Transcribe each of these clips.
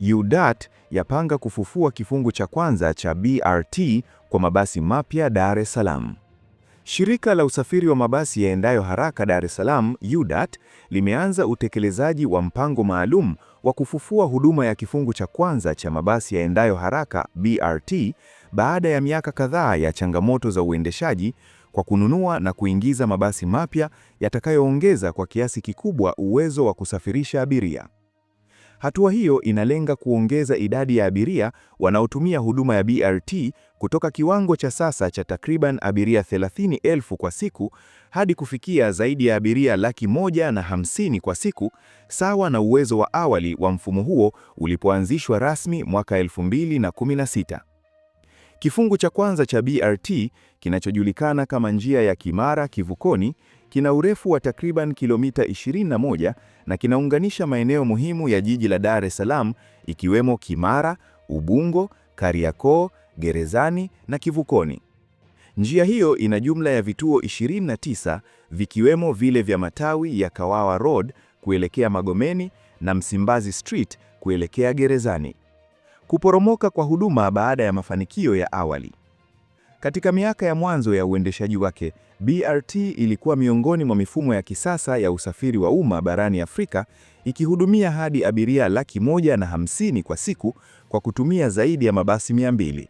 UDART yapanga kufufua kifungu cha kwanza cha BRT kwa mabasi mapya Dar es Salaam. Shirika la usafiri wa mabasi yaendayo haraka Dar es Salaam, UDART, limeanza utekelezaji wa mpango maalum wa kufufua huduma ya kifungu cha kwanza cha mabasi yaendayo haraka BRT baada ya miaka kadhaa ya changamoto za uendeshaji kwa kununua na kuingiza mabasi mapya yatakayoongeza kwa kiasi kikubwa uwezo wa kusafirisha abiria. Hatua hiyo inalenga kuongeza idadi ya abiria wanaotumia huduma ya BRT kutoka kiwango cha sasa cha takriban abiria 30,000 kwa siku hadi kufikia zaidi ya abiria laki moja na hamsini kwa siku, sawa na uwezo wa awali wa mfumo huo ulipoanzishwa rasmi mwaka 2016. Kifungu cha kwanza cha BRT kinachojulikana kama njia ya Kimara Kivukoni kina urefu wa takriban kilomita 21 na kinaunganisha maeneo muhimu ya jiji la Dar es Salaam ikiwemo Kimara, Ubungo, Kariakoo, Gerezani na Kivukoni. Njia hiyo ina jumla ya vituo 29 vikiwemo vile vya matawi ya Kawawa Road kuelekea Magomeni na Msimbazi Street kuelekea Gerezani. Kuporomoka kwa huduma baada ya mafanikio ya awali. Katika miaka ya mwanzo ya uendeshaji wake, BRT ilikuwa miongoni mwa mifumo ya kisasa ya usafiri wa umma barani Afrika, ikihudumia hadi abiria laki moja na hamsini kwa siku kwa kutumia zaidi ya mabasi 200.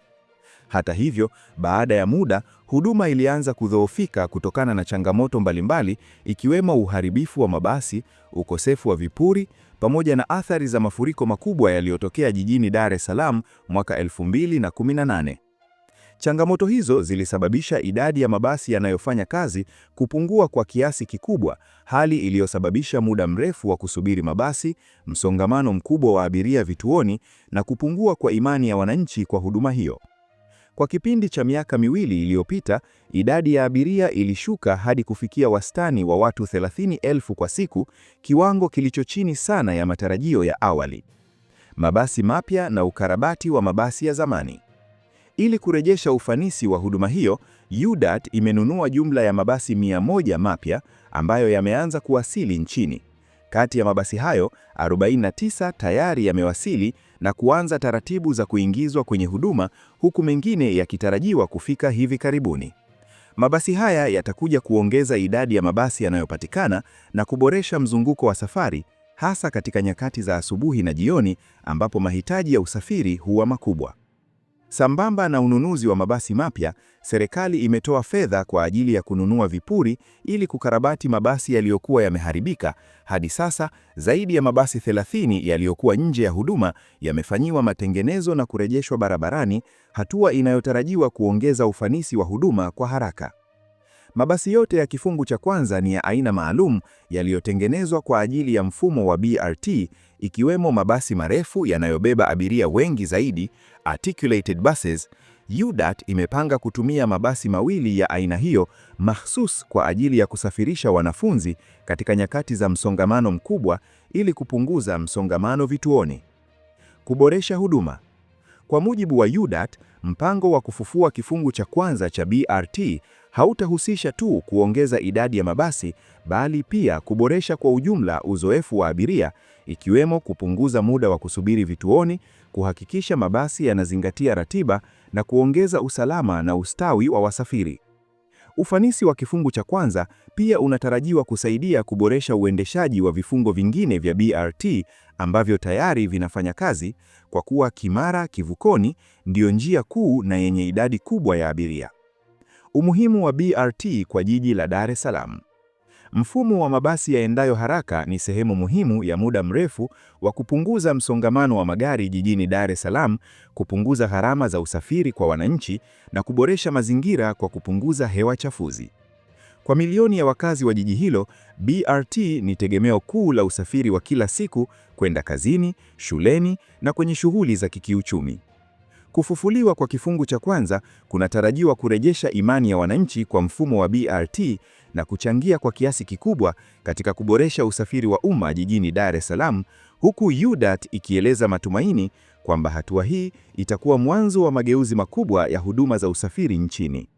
Hata hivyo, baada ya muda, huduma ilianza kudhoofika kutokana na changamoto mbalimbali ikiwemo uharibifu wa mabasi, ukosefu wa vipuri, pamoja na athari za mafuriko makubwa yaliyotokea jijini Dar es Salaam mwaka 2018. Changamoto hizo zilisababisha idadi ya mabasi yanayofanya kazi kupungua kwa kiasi kikubwa, hali iliyosababisha muda mrefu wa kusubiri mabasi, msongamano mkubwa wa abiria vituoni na kupungua kwa imani ya wananchi kwa huduma hiyo. Kwa kipindi cha miaka miwili iliyopita, idadi ya abiria ilishuka hadi kufikia wastani wa watu 30,000 kwa siku, kiwango kilicho chini sana ya matarajio ya awali. Mabasi mapya na ukarabati wa mabasi ya zamani. Ili kurejesha ufanisi wa huduma hiyo, UDART imenunua jumla ya mabasi 100 mapya ambayo yameanza kuwasili nchini. Kati ya mabasi hayo, 49 tayari yamewasili na kuanza taratibu za kuingizwa kwenye huduma, huku mengine yakitarajiwa kufika hivi karibuni. Mabasi haya yatakuja kuongeza idadi ya mabasi yanayopatikana na kuboresha mzunguko wa safari, hasa katika nyakati za asubuhi na jioni ambapo mahitaji ya usafiri huwa makubwa. Sambamba na ununuzi wa mabasi mapya, serikali imetoa fedha kwa ajili ya kununua vipuri ili kukarabati mabasi yaliyokuwa yameharibika. Hadi sasa, zaidi ya mabasi 30 yaliyokuwa nje ya huduma yamefanyiwa matengenezo na kurejeshwa barabarani, hatua inayotarajiwa kuongeza ufanisi wa huduma kwa haraka. Mabasi yote ya kifungu cha kwanza ni ya aina maalum yaliyotengenezwa kwa ajili ya mfumo wa BRT, ikiwemo mabasi marefu yanayobeba abiria wengi zaidi, articulated buses. UDART imepanga kutumia mabasi mawili ya aina hiyo mahsus kwa ajili ya kusafirisha wanafunzi katika nyakati za msongamano mkubwa ili kupunguza msongamano vituoni. Kuboresha huduma. Kwa mujibu wa UDART, mpango wa kufufua kifungu cha kwanza cha BRT hautahusisha tu kuongeza idadi ya mabasi, bali pia kuboresha kwa ujumla uzoefu wa abiria, ikiwemo kupunguza muda wa kusubiri vituoni, kuhakikisha mabasi yanazingatia ratiba na kuongeza usalama na ustawi wa wasafiri. Ufanisi wa kifungu cha kwanza pia unatarajiwa kusaidia kuboresha uendeshaji wa vifungo vingine vya BRT ambavyo tayari vinafanya kazi, kwa kuwa Kimara Kivukoni ndiyo njia kuu na yenye idadi kubwa ya abiria. Umuhimu wa BRT kwa jiji la Dar es Salaam. Mfumo wa mabasi yaendayo haraka ni sehemu muhimu ya muda mrefu wa kupunguza msongamano wa magari jijini Dar es Salaam, kupunguza gharama za usafiri kwa wananchi na kuboresha mazingira kwa kupunguza hewa chafuzi. Kwa milioni ya wakazi wa jiji hilo, BRT ni tegemeo kuu la usafiri wa kila siku kwenda kazini, shuleni na kwenye shughuli za kikiuchumi. Kufufuliwa kwa kifungu cha kwanza kunatarajiwa kurejesha imani ya wananchi kwa mfumo wa BRT na kuchangia kwa kiasi kikubwa katika kuboresha usafiri wa umma jijini Dar es Salaam, huku UDART ikieleza matumaini kwamba hatua hii itakuwa mwanzo wa mageuzi makubwa ya huduma za usafiri nchini.